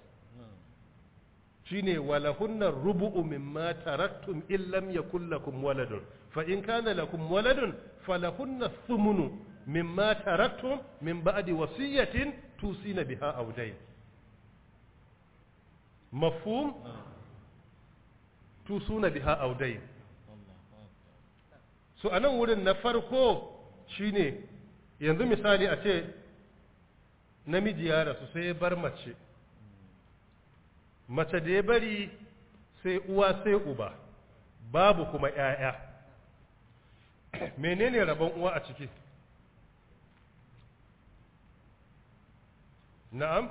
Shi shine walahunna rubu'u ma taraktum illam yakul lakum waladun fa in kana lakum waladun sumunu min ma taraktum min wasiyyatin tusi na biha wujai mafum tusu na biha a wujai su anan wurin na farko shi ne, yanzu misali a ce namiji ya rasu sai ya bar mace mace da ya bari sai uwa sai uba babu kuma ‘ya'ya menene rabon uwa a ciki na'am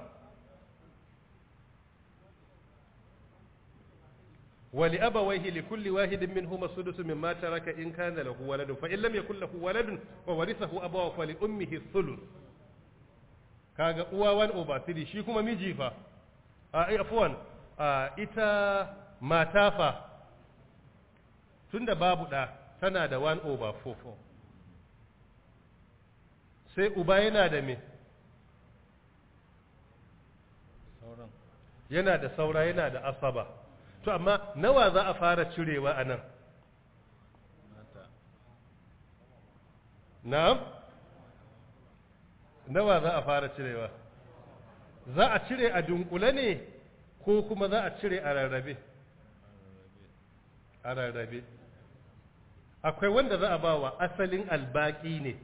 wali abawaihi li kulli wahidin minhuma sudusu ma taraka in kana lahu waladun fa in lam yakul lahu waladun fa warithahu abawahu fa li ummihi thuluth kaga uwa one over three shi kuma miji fa a eh, afwan ita mata fa tunda babu da tana da one over four sai uba yana da me yana da saura yana da asaba to amma nawa za a fara cirewa a nan na'am nawa za a fara cirewa za a cire a dunkule ne ko kuma za a cire a rarrabe a rarrabe akwai wanda za a ba wa asalin albaki ne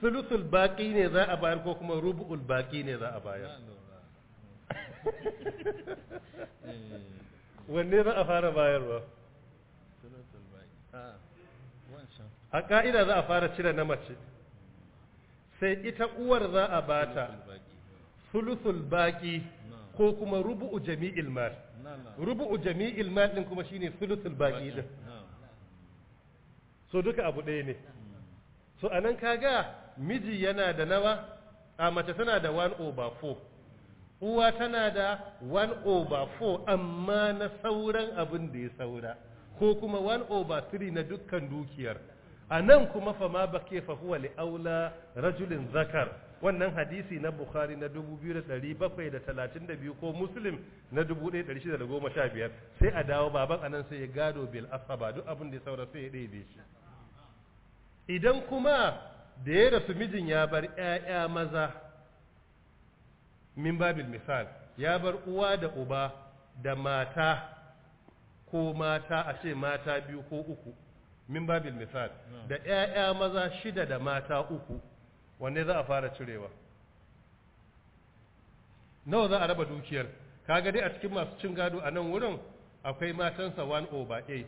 sulusul baki ne za a bayar ko kuma rubu'ul baki ne za a bayar wanne za a fara bayarwa ah, a ka'ida za a fara cire na mace sai ita uwar za a bata sulusul baki ko kuma rubu'u jami'il mal rubu'u jami'il mal din kuma shine sulusul baki din so duka abu ɗaya ne so anan kaga miji yana da nawa a mace tana da 1 over 4 uwa tana da 1 over 4 amma na sauran abin da ya saura ko kuma 1 over 3 na dukkan dukiyar a nan kuma fa ma bake fa huwa li rajulin zakar wannan hadisi na bukhari na 2732 ko muslim na 1615 sai a dawo baban anan sai ya gado bil asaba duk abin da ya saura sai ya ɗebe shi idan kuma da ya rasu mijin ya bar yaya maza min babil misal ya bar uwa da uba da mata ko mata ashe mata biyu ko uku min babil misal da ƴaƴa maza shida da mata uku wanne za a fara cirewa nawa za a raba dukiyar kaga dai a cikin masu cin gado a nan wurin akwai matansa 1 over 8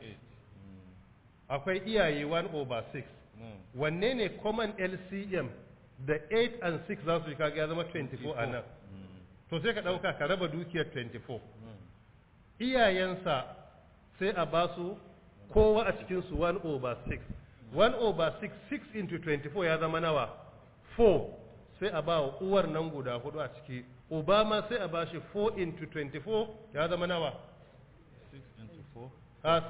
akwai iyaye 1 over 6 wanne ne common lcm da 8 and 6 za su yi kaga ya zama 24 a nan to sai ka dauka ka raba dukiyar 24 iyayensa sai a ba su kowa a cikinsu 1 over 6 1 over 6 6 into 24 ya zama nawa 4 sai a ba wa uwar nan guda hudu a ciki obama sai a ba shi 4 into 24 ya zama nawa 6 into 4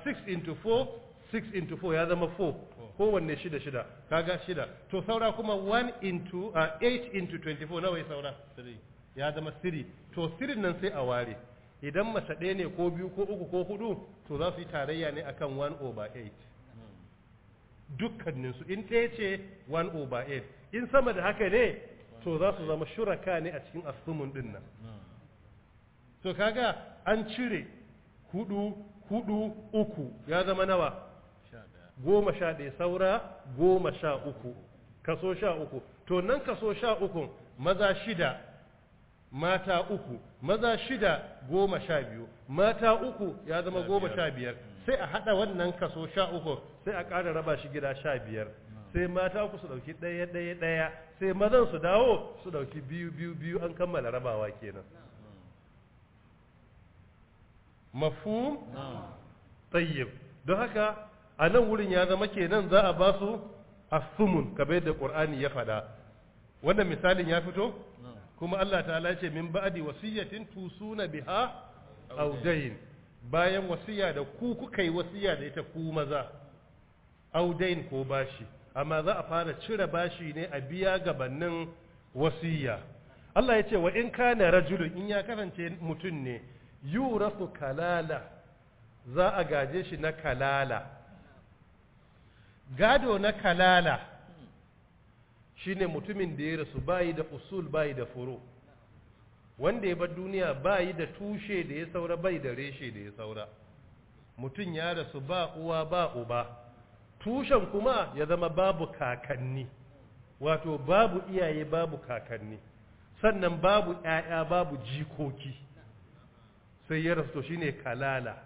6 into 4 6 into 4 ya zama 4 kowanne shida shida kaga shida to saura kuma 1 into 8 uh, into 24 nawa ya saura 3 ya zama 3 to 3 nan sai a ware idan masa ɗaya ne ko biyu ko uku ko hudu to za su yi tarayya ne akan 1 over 8 dukkaninsu in ɗaya ce 1 over 8 in sama da haka ne to za su zama shuraka ne a cikin asumin ɗin nan to kaga an cire hudu hudu uku ya zama nawa goma sha ɗaya saura goma sha uku kaso sha uku to nan kaso sha uku maza shida mata uku maza shida goma sha biyu mata uku ya zama goma sha biyar hmm. sai a haɗa wannan kaso sha uku sai a ƙara raba shi gida sha biyar hmm. sai mata uku su ɗauki ɗaya ɗaya ɗaya sai mazan su dawo su ɗauki biyu biyu biyu an kammala rabawa kenan Mafu hmm. tsayyib don haka a nan wurin ya zama kenan za a ba su asumun kamar yadda qur'ani ya faɗa wannan misalin ya fito kuma Allah ta ce min ba'di wasiyatin tusuna biha aw bayan wasiya da ku kuka yi wasiya da ita ku maza aw ko bashi amma za a fara cire bashi ne a biya gabanin wasiya Allah ya ce wa in kana rajulun in ya kasance mutum ne yurasu kalala za a gaje shi na kalala gado na kalala shine mutumin da ya rasu bayi da usul bayi da furo. wanda ya bar duniya bayi da tushe da ya saura bai da reshe da ya saura mutum ya rasu ba uwa ba uba tushen kuma ya zama babu kakanni wato babu iyaye babu kakanni sannan babu 'ya'ya babu jikoki sai ya rasu to shine kalala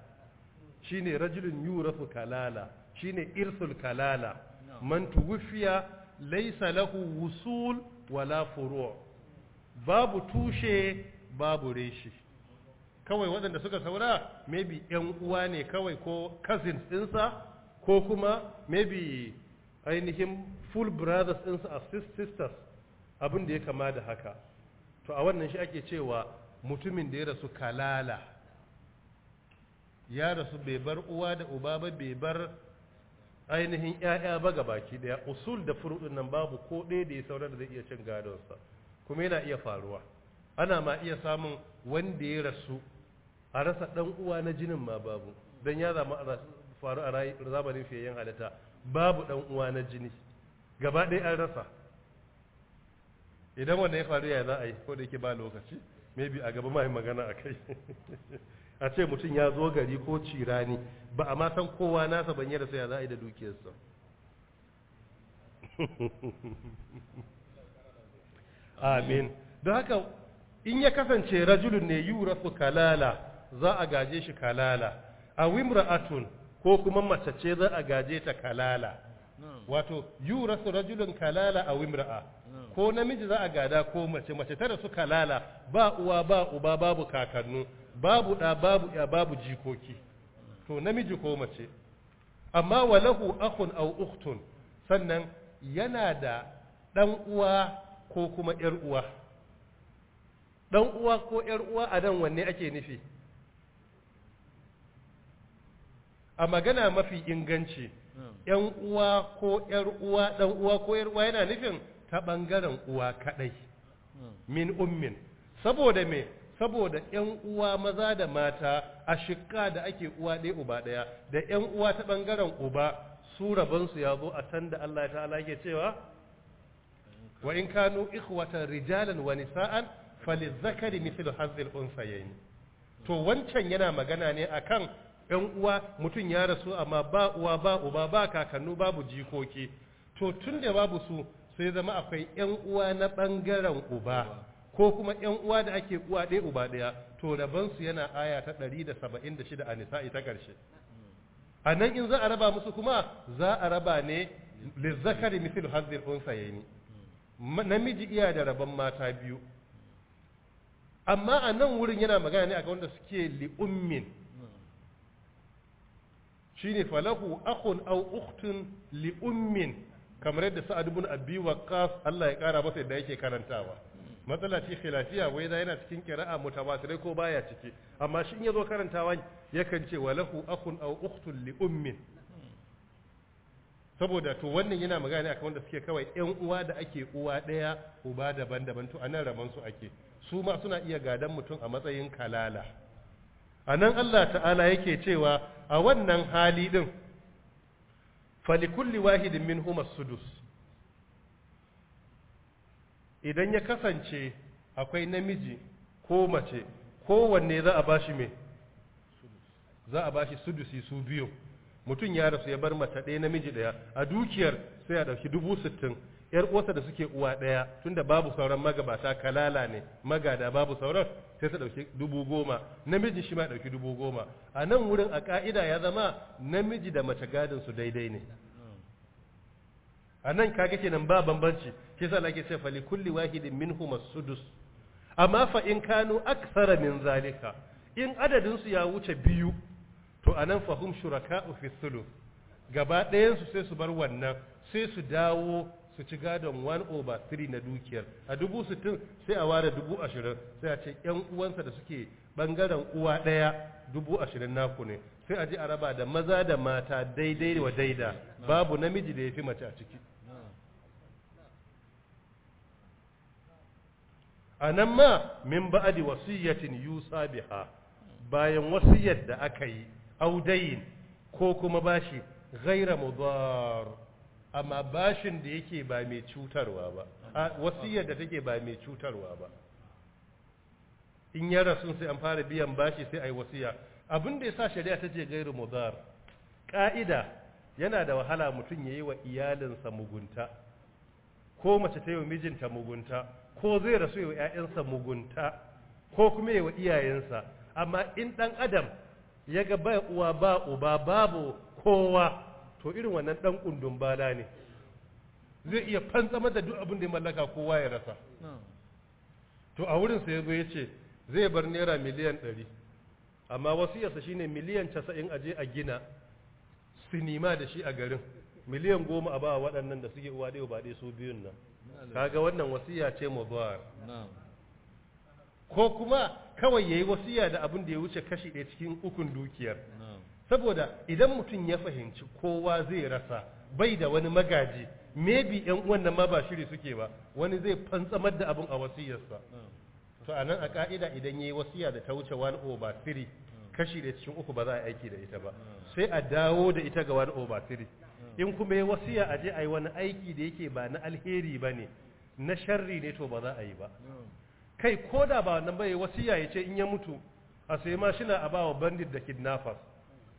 shine rajulun yurasu kalala shine irsul kalala man tuwfiya laisa lahu wusul wala furu' babu tushe babu reshe kawai waɗanda suka saura maybe yan uwa ne kawai ko cousins ɗinsa ko kuma maybe ainihin full brothers ɗinsa a sisters abin da ya kama da haka to a wannan shi ake cewa mutumin da ya rasu kalala ya rasu bai bar uwa da uba ba bai bar ainihin 'ya'ya ba ga baki daya usul da furudun nan babu ko ɗaya da ya saura da zai iya cin gadonsa kuma yana iya faruwa ana ma iya samun wanda ya rasu a rasa ɗan uwa na jinin ma babu don ya zama faru a zamanin fiyayyen halitta babu ɗan uwa na jini gaba ɗaya an rasa idan wanda ya faru ya za a yi ko da yake ba lokaci maybe a gaba ma magana a kai a ce mutum ya zo gari ko cirani ba a matan kowa nasa banye da sai ya za a yi da dukiyarsa amin don haka in ya kasance rajulun ne rasu kalala za a gaje shi kalala a wimra atun ko kuma mace ce za a gaje ta kalala wato rasu rajulun kalala a wimra a ko namiji za a gada ko mace mace ta rasu kalala ba uwa ba uba babu kakannu babu ɗa babu ya babu jikoki to namiji ko mace amma walahu akhun aw ukhtun sannan yana da ɗan uwa ko kuma ‘yar uwa ɗan uwa ko ‘yar uwa a nan wanne ake nufi a magana mafi inganci ‘yan uwa ko ‘yar uwa ɗan uwa ko ‘yar uwa yana nufin ta ɓangaren uwa kaɗai hmm. min ummin saboda me saboda 'yan uwa maza da mata a shikka da ake uwa ɗaya uba ɗaya da 'yan uwa ta ɓangaren uba su rabansu ya zo a can da Allah ta'ala yake cewa wa in kanu ikhwatan rijalan wa nisa'an falizakari mithlu hazzil unsayayn to wancan yana magana ne akan 'yan uwa mutum ya rasu amma ba uwa ba uba ba kakannu babu jikoki to tun da babu su sai zama akwai 'yan uwa na ɓangaren uba ko kuma ƴan uwa da ake uwa ɗaya uba ɗaya to rabansu yana aya ta ɗari da da saba'in shida a nisa'i ta ƙarshe a nan in za a raba musu kuma za a raba ne lizzakari misil hazir ni namiji iya da rabon mata biyu amma a nan wurin yana magana ne ga wanda suke li'ummin shi ne falahu akun auktun uktun li'ummin kamar yadda sa'ad ibn abi waqqas Allah ya kara masa yadda yake karantawa matsala ce khilafiya wai da yana cikin kira'a mutawatirai ko baya ciki amma shi in yazo karantawa yakan ce walahu akhun aw ukhtun li ummi saboda to wannan yana magana akan wanda suke kawai 'yan uwa da ake uwa daya uba daban-daban to anan raman su ake su ma suna iya gadan mutum a matsayin kalala anan Allah ta'ala yake cewa a wannan hali din likulli wahidin minhum as-sudus idan ya kasance akwai namiji ko mace kowanne za a bashi me za a bashi sudusi su biyu mutum ya rasu ya bar mace ɗaya namiji ɗaya a dukiyar sai a ɗauki dubu sittin yar uwarsa da suke uwa ɗaya tunda babu sauran magabata kalala ne magada babu sauran sai ta ɗauki dubu goma namiji shi ma ɗauki dubu goma a nan wurin a ƙa'ida ya zama namiji da mace gadin su daidai ne a nan kaga kenan ba bambanci ke sa Allah ke ce fa li kulli wahidin minhum as-sudus amma fa in kanu akthara min zalika in adadin su ya wuce biyu to anan fa hum shuraka'u fi thuluth gaba ɗayan su sai su bar wannan sai su dawo su ci gadon 1 over 3 na dukiyar a dubu sittin sai a ware dubu ashirin sai a ce yan uwansa da suke bangaren uwa ɗaya dubu ashirin naku ne sai a ji a raba da maza da mata daidai wa daida babu namiji da ya fi mace a ciki a nan ma min ba'adi wasiyyatin yusa biha bayan wasiyyar da aka yi audayin ko kuma bashi ghaira mudar amma bashin da yake ba mai cutarwa ba wasiyyar da take ba mai cutarwa ba in ya rasu sai an fara biyan bashi sai yi wasiya abin da ya sa shari'a ta ce gairu mudar ka'ida yana da wahala mutum ya yi wa iyalinsa mugunta ko mace ta yi wa mijinta mugunta ko zai rasu yawa 'ya'yansa mugunta ko kuma yawa iyayensa amma in ɗan adam ya ga ba uwa ba uba babu kowa to irin wannan ɗan ƙundun bala ne zai iya fantsamar da duk abin da ya mallaka kowa ya rasa to a wurinsa ya yazo ya ce zai bar naira miliyan ɗari amma wasiyarsa shine miliyan 90 aje a gina sinima da shi a garin miliyan goma a ba waɗannan da suke uwa ɗaya ba ɗaya su biyun nan kaga wannan wasiya ce mubar ko kuma kawai yayi wasiya da abin da ya wuce kashi ɗaya cikin ukun dukiyar saboda idan mutum ya fahimci kowa zai rasa bai da wani magaji maybe ƴan uwan nan ma ba shiri suke ba wani zai fantsamar da abin a wasiyarsa to a nan a ka'ida idan ya yi wasiya da ta wuce 1 over 3 kashi da cikin uku ba za a aiki da ita ba sai a dawo da ita ga 1 over 3 in kuma ya wasiya a je a yi wani aiki da yake ba na alheri ba ne na sharri ne to ba za a yi ba kai ko da ba nan ba ya wasiya ya ce in ya mutu a sai mashina a ba wa bandit da kidnappers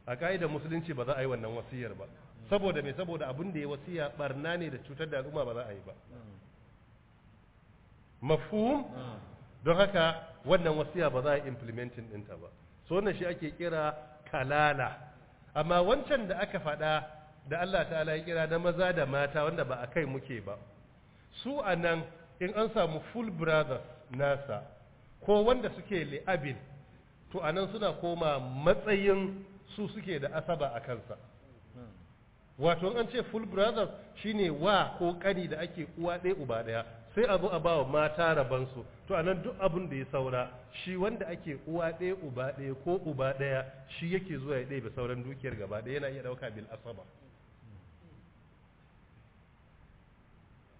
a ka'ida musulunci ba za a yi wannan wasiyar ba saboda me saboda abin da ya wasiya barna ne da cutar da al'umma ba za a yi ba mafhum don haka wannan wasiya ba za a implementin ɗinta ba so wannan shi ake kira kalala amma wancan da aka faɗa da Allah ta'ala ya kira na maza da mata wanda ba a kai muke ba su a nan in an samu full brothers nasa ko wanda suke li'abin to a nan suna koma matsayin su suke da asaba a kansa wato an ce full brothers shine wa ko kani da ake uwa ɗaya uba ɗaya sai abu a bawa mata rabansu to anan duk abin da ya saura shi wanda ake uwa ɗaya uba ɗaya ko uba ɗaya shi yake zuwa ya ɗebe sauran dukiyar gaba ɗaya yana iya ɗauka bil asaba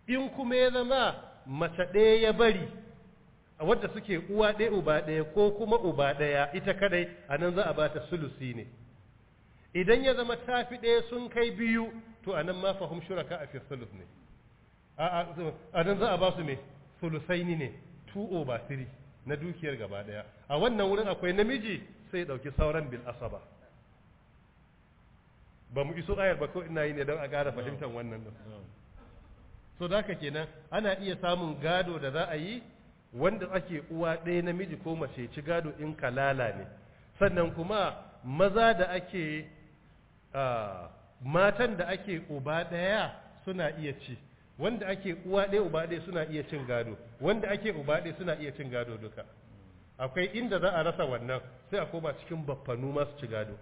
in kuma ya zama mace ɗaya ya bari a wadda suke uwa ɗaya uba ɗaya ko kuma uba ɗaya ita kadai anan za a bata sulusi ne idan ya zama tafi ɗaya sun kai biyu to anan ma fahim shuraka a fi sulus ne a nan za a ba su me sulusaini ne 2 over 3 na dukiyar gaba daya a wannan wurin akwai namiji sai ya dauki sauran bil asaba ba mu iso ayar ba ko ina yi ne don a gara fahimtar wannan da so da haka kenan ana iya samun gado da za a yi wanda ake uwa ɗaya namiji ko mace ci gado in kalala ne sannan kuma maza da ake ah, matan da ake uba ɗaya suna iya ci wanda ake uwa ɗaya uba ɗaya suna iya cin gado wanda ake uba ɗaya suna iya cin gado duka akwai inda za a rasa wannan sai a koma cikin baffanu masu ci gado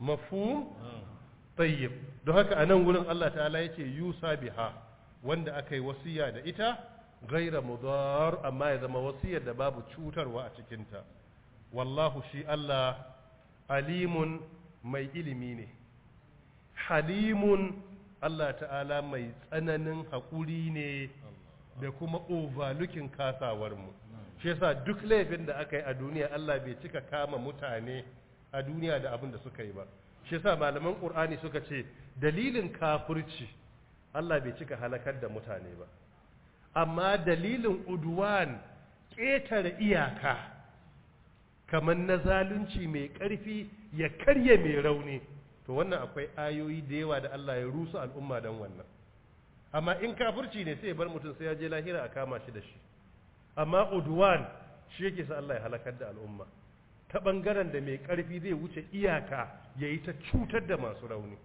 mafhum tayyib don haka a nan wurin Allah ta'ala ya ce yusa biha wanda aka yi wasiya da ita gaira mudar amma ya zama wasiya da babu cutarwa a cikinta wallahu shi Allah alimun mai ilimi ne halimun Allah ta'ala mai tsananin haƙuri ne da kuma overlooking kasawarmu shi yasa duk laifin da aka yi a duniya Allah bai cika kama mutane a duniya da abin da suka yi ba shi yasa malaman Qur'ani suka ce dalilin kafirci Allah bai cika halakar da mutane ba amma dalilin udwan ƙetare iyaka kamar na zalunci mai ƙarfi ya karye mai rauni to wannan akwai ayoyi da yawa da Allah ya rusu al'umma dan wannan amma in kafirci ne sai ya bar mutum sai ya je lahira a kama shi da shi amma udwan shi yake sa Allah ya halakar da al'umma ta bangaren da mai karfi zai wuce iyaka yayi ta cutar da masu rauni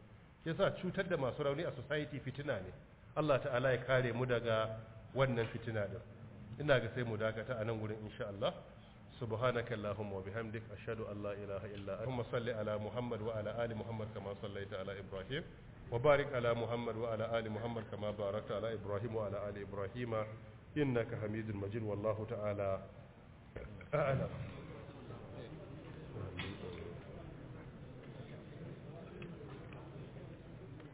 yasa cutar da masu rauni a society fitina ne Allah ta'ala ya kare mu daga wannan fitina din ina ga sai mu dakata a nan gurin insha Allah سبحانك اللهم وبحمدك أشهد أن لا إله إلا أنت اللهم صل على محمد وعلى آل محمد كما صليت على إبراهيم وبارك على محمد وعلى آل محمد كما باركت على إبراهيم وعلى آل إبراهيم إنك حميد مجيد والله تعالى أعلم